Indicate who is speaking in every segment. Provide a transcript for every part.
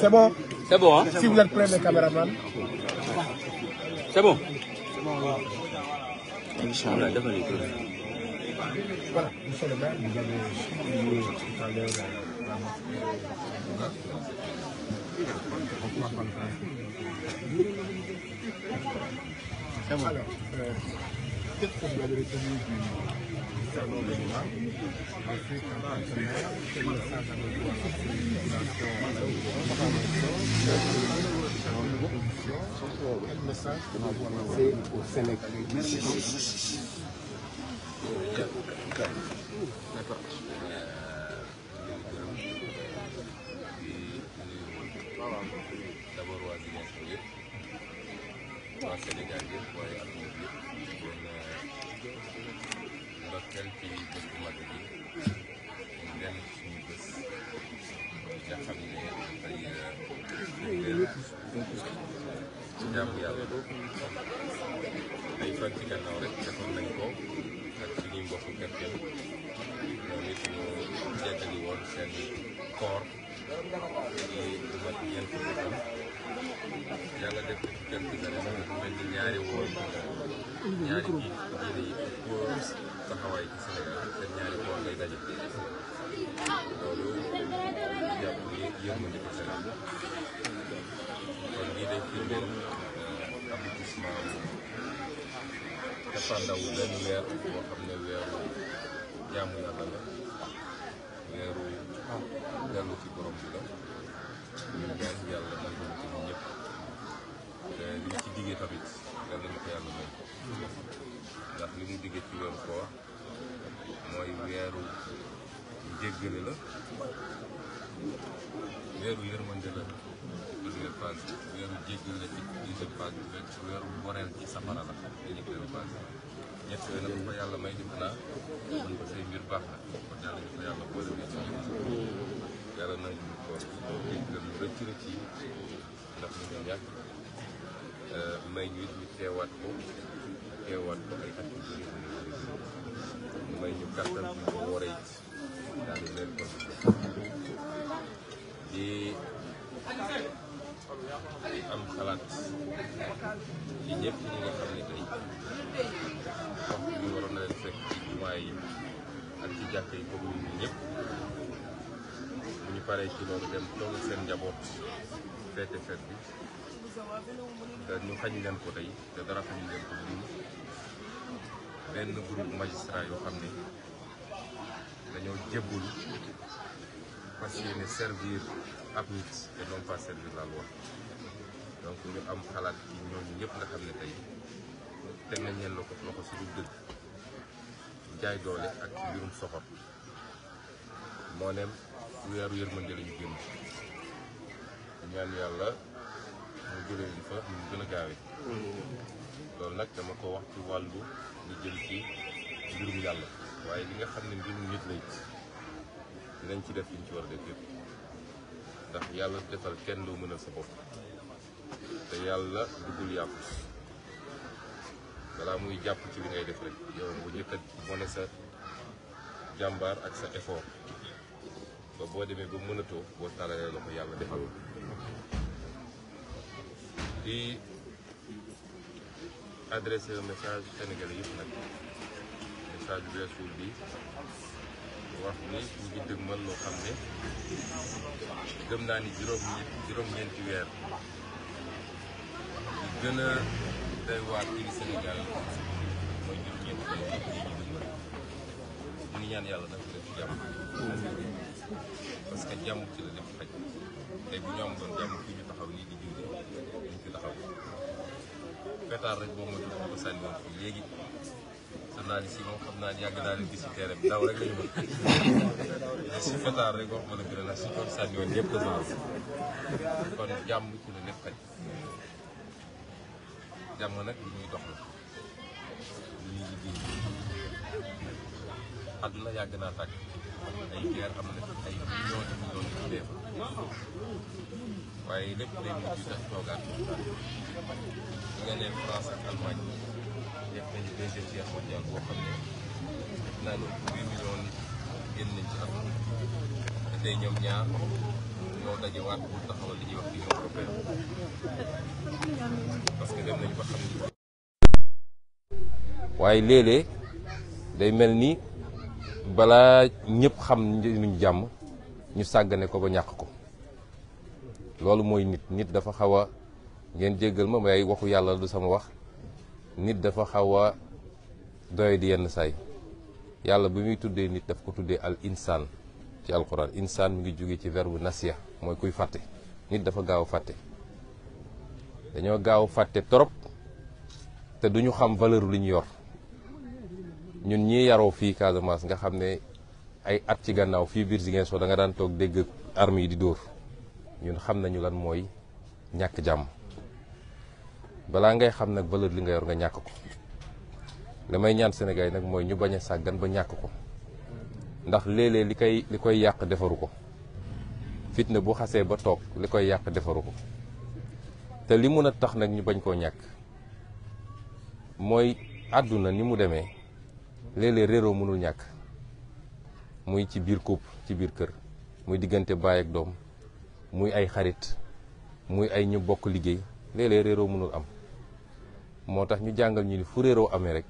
Speaker 1: C'est bon C'est bon, hein Si vous êtes prêts, mes caméramans. C'est bon C'est bon, voilà. Inch'Allah, devant les Voilà, monsieur le maire, vous avez tout à l'heure euh, la mosquée. C'est bon. Alors, euh, peut-être que vous l'avez retenu du... Quel message c'est au Sénégalais D'accord. D'abord, on va dire un peu. On va Sénégal, on va y aller. ndokkeel ci bés bu mag bi ñu dem suñu bés nga xam ne dafay firndeel ci jaamu yàlla ay fan ci gannaaw rek defoon nañ ko ak suñuy mbokku kerkeel ñoom it ñu jéggali woon seen koor ci lu mat ñeent fukki fan yàlla def na ci quelques années mel ni ñaari woon ñaari kii pour taxawaay ci Sénégal te ñaari koor ngay daje loolu jàpp ni yërmande ko Sénégal kon lii day firndeel aboutissement dafa ndaw benn weer boo xam ne weeru jaamu yàlla la weeru dellu ci borom bi la ñu ñaan yàlla nangul ci ñëpp te liñ ci diggee tamit jóge ci weeru mooy weeru njéggale la weeru yërmande la première phase bi weeru jéggal la ci deuxième phase bi weeru boreel ci safara la dañu première phase bi ñett yooyu nag ko yàlla may def naa mën ko say mbir baax na kon yàlla ko yàlla boole bi ci yàlla nangu ñu koor jéggal ñu rëcc rëcc yi ndax ñu euh, ñu may ñu teewaat ko teewaat ko ay at mu may ñu kàttan bi ko war a it daal di leen ko di am xalaat ci ñëpp ñi nga xam ne tey waxtu bi waroon na leen fekk ci jumaa yi ak ci jàkk yi comme ñun ñëpp bu ñu paree ci loolu dem toog seen njaboot feete feet bi Euh, ñu xañ leen ko tey te dara xañ leen ko lu benn groupe magistrat yoo xam ne dañoo jébbul fas yéene servir ab nit te non pas servir la loi donc ñu am xalaat ci ñooñu ñëpp nga xam ne tey teg nañ leen loxo loxo su dul dëgg jaay doole ak ci mbirum soxor moo neem weeru yërmande la ñu génn ñaan yàlla jëlee ji fa ñu gën a gaawee loolu nag dama ko wax ci wàllu lu jëm ci mbirum yàlla waaye li nga xam ne mbirum nit lay dinañ ci def liñ ci war a def yëpp ndax yàlla defal kenn loo mënal sa bopp te yàlla duggul yàqu balaa muy jàpp ci li ngay def rek yow bu njëkk a wane sa jàmbaar ak sa effort ba boo demee ba mënatoo boo tàllalee loxo yàlla defal di adressé un message sénégalais yëpp nag message bu bi wax ni ñu ngi dëgmal loo xam ne gëm naa ni juróom ñett ñeenti weer gën a doy waar ci Sénégal mooy juróom-ñeenti weer yi ñaan yàlla nag def jàmm parce que jàmm ci la lépp xaj tey bu ñu am jàmm fi dañ fi taxaw rek boo ma jël ma ko sànni woon fii léegi journaliste moom xam naa yàgg naa leen gis si terrain bi daw rek la ñu mën si pétard rek wax ma la gën a la si kon sànni woon yëpp dafa kon jàmm ci la lépp xaj jàmm nag ñuy dox la li ñuy liggéey àdduna yàgg naa tàkk. ay guerre am waaye lépp day mel ni balaa ñëpp xam njëriñu jàmm ñu sàggane ko ba ñàq ko loolu mooy nit nit dafa xaw a ngeen jéggal ma may waxu yàlla du sama wax nit dafa xaw a doy di yenn saay yàlla bi muy tuddee nit daf ko tuddee al insaan ci alquran insaan mu ngi jóge ci verbe nasiya mooy kuy fàtte nit dafa gaaw fàtte dañoo gaaw fàtte trop te duñu xam valeur lu ñu yor ñun ñii yaroo fii Casamance nga xam ne ay at ci gannaaw fii biir Ziguinchor da nga daan toog dégg armes yi di dóor ñun xam nañu lan mooy ñàkk jàmm balaa ngay xam nag valeur li nga yor nga ñàkk ko li may ñaan Sénégal yi nag mooy ñu bañ a sàggan ba ñàkk ko ndax léeg-léeg li koy li koy yàq defaru ko fitna bu xasee ba toog li koy yàq defaru ko te li mun a tax nag ñu bañ koo ñàkk mooy àdduna ni mu demee léeg-léeg réeroo mënul ñàkk muy ci biir couple ci biir kër muy diggante baay ak doom muy ay xarit muy ay ñu bokk liggéey léeg-léeg réeroo mënul am moo tax ñu jàngal ñu ni fu réeroo amee rek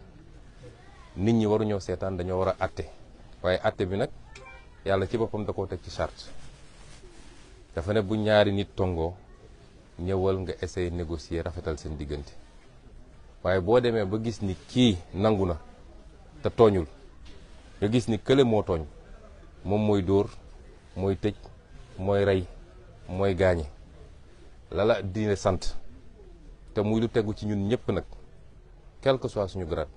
Speaker 1: nit ñi waruñoo seetaan dañoo war a àtte waaye àtte bi nag yàlla ci boppam da ko teg ci charte dafa ne bu ñaari nit tongoo ñëwal nga essayer négocier rafetal seen diggante waaye boo demee ba gis ni kii nangu na te tooñul nga gis ni kële moo tooñ moom mooy dóor mooy tëj mooy rey mooy gaañe lala diine sant te muy lu tegu ci ñun ñëpp nag quelque que soit suñu grade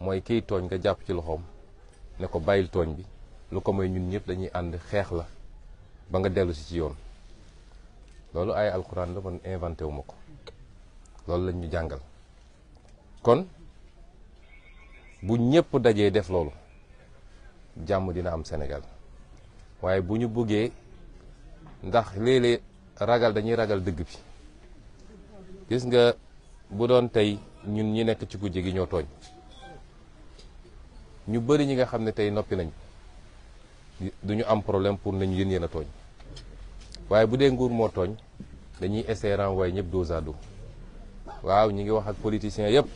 Speaker 1: mooy kiy tooñ nga jàpp ci loxoom ne ko bàyyil tooñ bi lu ko moy ñun ñëpp dañuy ànd xeex la ba nga dellu si ci yoon loolu ay alxuraan la man inventé wu ma ko loolu lañ ñu jàngal kon bu ñëpp dajee def loolu jàmm dina am Sénégal waaye bu ñu buggee ndax léeg-léeg ragal dañuy ragal dëgg bi gis nga bu doon tey ñun ñi nekk ci kujje gi ñoo tooñ ñu bëri ñi nga xam ne tey noppi nañ du ñu am problème pour nañu yéen yéen a tooñ waaye bu dee nguur moo tooñ dañuy essayer renvoyer ñëpp dos à dos waaw ñi ngi wax ak politiciens yëpp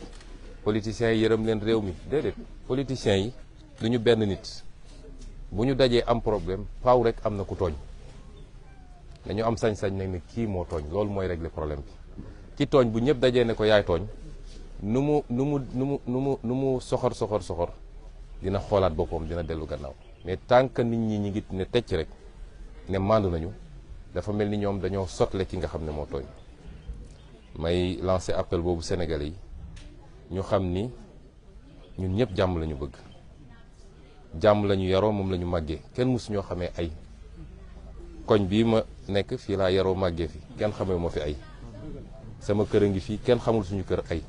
Speaker 1: politiciens yi yërëm leen réew mi déedéet politiciens yi du ñu benn nit bu ñu dajee am problème paw rek am na ku tooñ dañu am sañ-sañ nag ne kii moo tooñ loolu mooy régler problème bi ci tooñ bu ñëpp dajee ne ko yaay tooñ nu mu nu mu nu mu nu mu nu mu soxor soxor soxor dina xoolaat boppam dina dellu gannaaw mais tant que nit ñi ñi ngit ne tecc rek ne màndu nañu dafa mel ni ñoom dañoo sotle ki nga xam ne moo tooñ may lancé appel boobu Sénégalais yi ñu xam ni ñun ñëpp jàmm lañu bëgg jàmm lañu yaroo moom lañu màggee kenn mësu ñoo xamee ay koñ bii ma nekk fii laa yaroo màggee fi kenn xamee moo fi ay sama kër a ngi fii kenn xamul suñu kër ay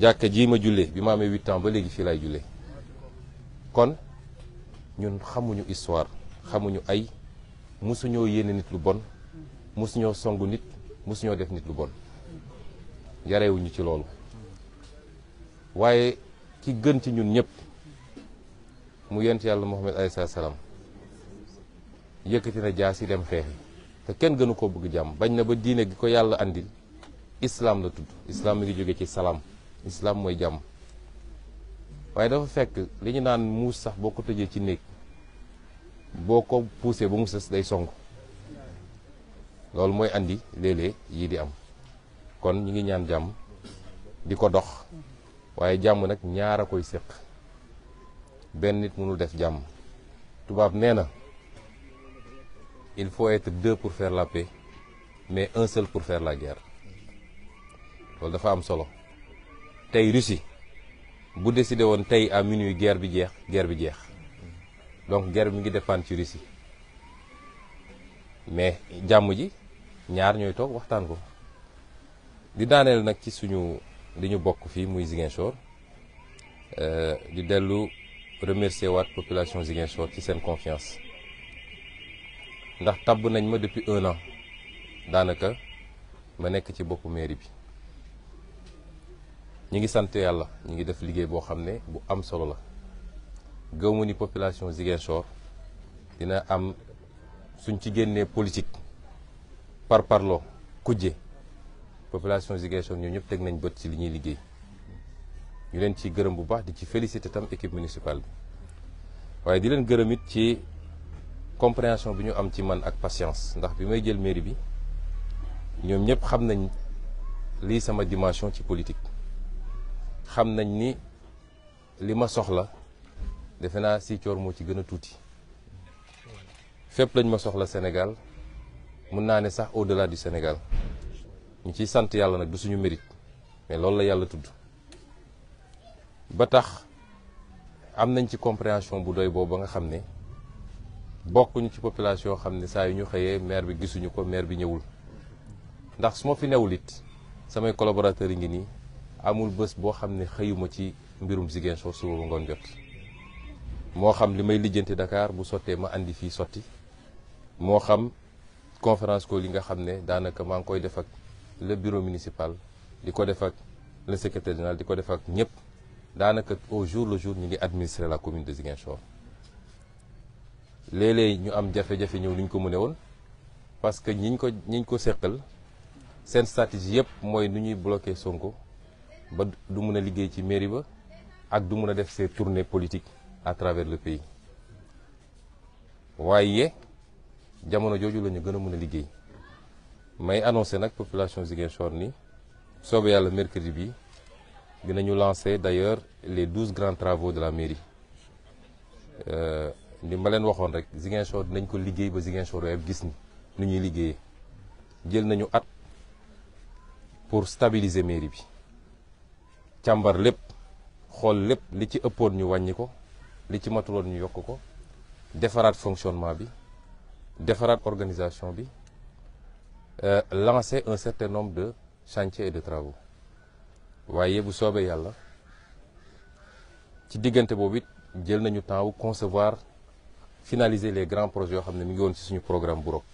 Speaker 1: jàkka jii ma jullee bi ma amee huit ans ba léegi fii laay jullee kon ñun xamuñu histoire xamuñu ay mësuñoo yéene nit lu bon mësuñoo songu nit mësuñoo def nit lu bon yarewuñu ci loolu waaye ci gën ci ñun ñëpp mu yent yàlla Muhammad alayhi salaam yëkkati na jaasi dem xeexi te kenn gënu koo bëgg jàmm bañ na ba diine gi ko yàlla andil islaam la tudd islaam mi ngi jóge ci salaam islaam mooy jàmm waaye dafa fekk li ñu naan muus sax boo ko tëjee ci néeg boo ko puusee ba mu sës day song loolu mooy andi léeg-léeg yii di am kon ñu ngi ñaan jàmm di ko dox waaye jàmm nag ñaar a koy séq benn nit mënul def jàmm tubaab nee na il faut être deux pour faire la mais un seul pour faire la guerre loolu dafa am solo tey Russie bu décidé woon tey à minuit guerre bi jeex guerre bi jeex donc guerre bi mi ngi dépendre ci Russie mais jàmm ji ñaar ñooy toog waxtaan ko di daaneel nag ci suñu li ñu bokk fii muy Ziguinchor euh, di dellu remercier waat population Ziguinchor ci seen confiance ndax tabb nañ ma depuis un an daanaka ma nekk ci boppu mairie bi ñi ngi sant yàlla ñi ngi def liggéey boo xam ne bu am solo la gëw ma ni population Ziguinchor dina am suñ ci génnee politique par parloo kujje population Ziguinchor ñoom ñëpp teg nañu bët ci li ñuy liggéey ñu leen ci gërëm bu baax di ci féliciter tam équipe municipale bi waaye di leen gërëmit ci compréhension bi ñu am ci man ak patience ndax bi may jël mairie bi ñoom ñëpp xam nañ lii sama dimension ci politique xam nañ ni li ma soxla defe naa si moo ci gën a tuuti fépp lañ ma soxla Sénégal mun naa ne sax au-delà du Sénégal ñu ciy sant yàlla nag du suñu mérite mais loolu la yàlla tudd ba tax am nañ ci compréhension bu doy boobu ba nga xam ne bokkuñu ci population yoo xam ne saa yu ñu xëyee maire bi gisuñu ko maire bi ñëwul ndax su ma fi newul it samay collaborateurs yi ngi nii amul bés boo xam ne xëyuma ci mbirum Ziguinchor suba ba ngoon jot moo xam li may lijjanti Dakar bu sottee ma indi fii sotti moo xam conférence ko li nga xam ne daanaka maa ngi koy def ak le bureau municipal di ko def ak le secrétaire général di ko def ak ñëpp daanaka au jour le jour ñu ngi administrer la commune de Ziguinchor léeg-léeg ñu am jafe-jafe ñëw ni ñu ko mënee woon parce que ñiñ ko ñiñ ko seqal seen stratégie yëpp mooy nu ñuy bloquer Sonko ba du mun a liggéey ci mairie ba ak du mun a def ses tournées politique à travers le pays waaye jamono jooju la ñu gën a mun a liggéey. may annoncé nag population Ziguinchor ni soobe yàlla mercredi bi dinañu lancer d'ailleurs les douze grands travaux de la mairie euh, ni ma leen waxoon rek Ziguinchor dinañ ko liggéey ba Ziguinchor yëpp gis ni nu ñuy liggéeyee jël nañu at pour stabiliser mairie bi càmbar lépp xool lépp li ci ëppoon ñu wàññi ko li ci matuloon ñu yokk ko defaraat fonctionnement bi defaraat organisation bi euh, lancé un certain nombre de chantiers et de travaux waaye bu soobee yàlla ci diggante boobu it jël nañu temps wu concevoir finaliser les grands projets yoo xam ne mu ngi woon ci suñu programme bu rok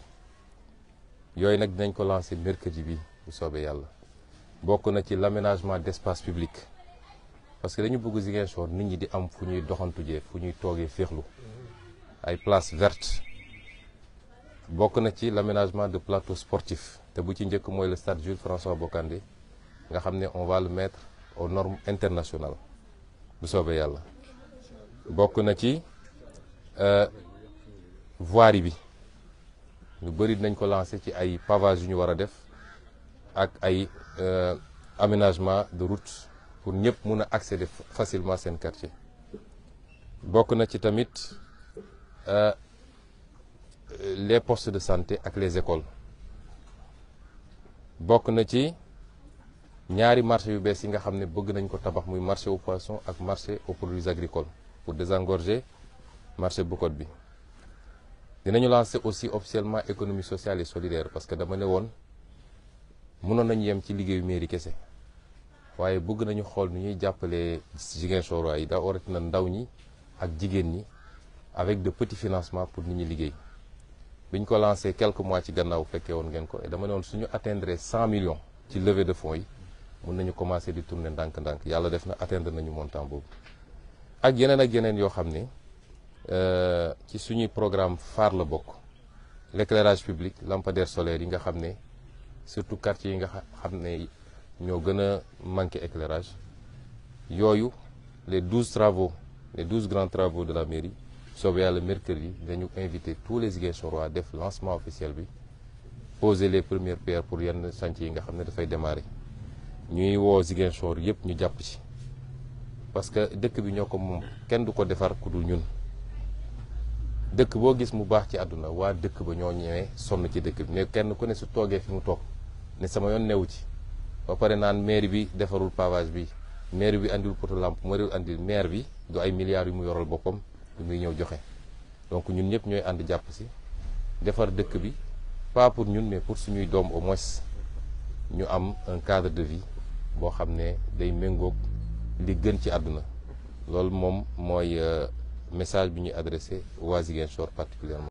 Speaker 1: yooyu nag dinañ ko lancer mercredi bi bu soobee yàlla bokk na ci l'aménagement d'espace public parce que dañu bëgg Ziguinchor nit ñi di am fu ñuy doxantu jee fu ñuy toogee féexlu ay place verte bokk na ci l'aménagement de plateau sportif te bu ci njëkk mooy le stade Jules François Bocandé nga xam ne on va le mettre aux normes internationales bu soobee yàlla bokk na ci euh, voirie bi lu bëri dinañ ko lancer ci ay pavage yu ñu war a def ak ay euh, aménagement de route pour ñëpp mun a de facilement seen quartier bokk na ci tamit euh, les postes de santé ak les écoles bokk na ci ñaari marché yu bees yi nga xam ne bëgg nañ ko tabax muy marché au poisson ak marché aux produits agricoles pour désengorger marché Bukot bi dinañu lancer aussi officiellement économie sociale et solidaire parce que dama ne woon mënoon nañu yem ci liggéeyu mairie kese waaye bëgg nañu xool nu ñuy jàppale jigéen sooroa yi daa orat na ndaw ñi ak jigéen ñi avec de petits financement pour nit ñi liggéey biñ ko lancé quelques mois ci gannaaw fekkee woon ngeen ko et dama ne woon suñu atteindre cent millions ci levée de fonds yi mun nañu commencé di tourner ndànk-ndànk yàlla def na atteindre nañu montant boobu ak yeneen ak yeneen yoo xam ne euh, ci suñuy programme phare la bokk l' publique public lampadaire solaire yi nga xam ne surtout quartier yi nga xam ne ñoo gën a manqué éclairage yooyu les douze travaux les douze grands travaux de la mairie soobee yàlla mercredi dañu invité tous les Ziguinchorois def lancement officiel bi poser les premières pierres pour yenn chantier yi nga xam ne dafay demare ñuy woo Ziguinchor yëpp ñu jàpp ci parce que dëkk bi ñoo ko moom kenn du ko defar ku dul ñun dëkk boo gis mu baax ci àdduna waa dëkk ba ñoo ñëwee sonn ci dëkk bi mais kenn ku ne su toogee fi mu toog ne sama yoon newu ci ba pare naan maire bi defarul pavage bi maire bi andil poto lampe maire andil maire bi du ay milliards yu mu yoral boppam bi muy ñëw joxe donc ñun ñëpp ñooy ànd jàpp si defar dëkk bi pas pour ñun mais pour suñuy doom au moins ñu am un cadre de vie boo xam ne day méngoog li gën ci àdduna loolu moom mooy euh, message bi ñuy adressé waa Ziguinchor particulièrement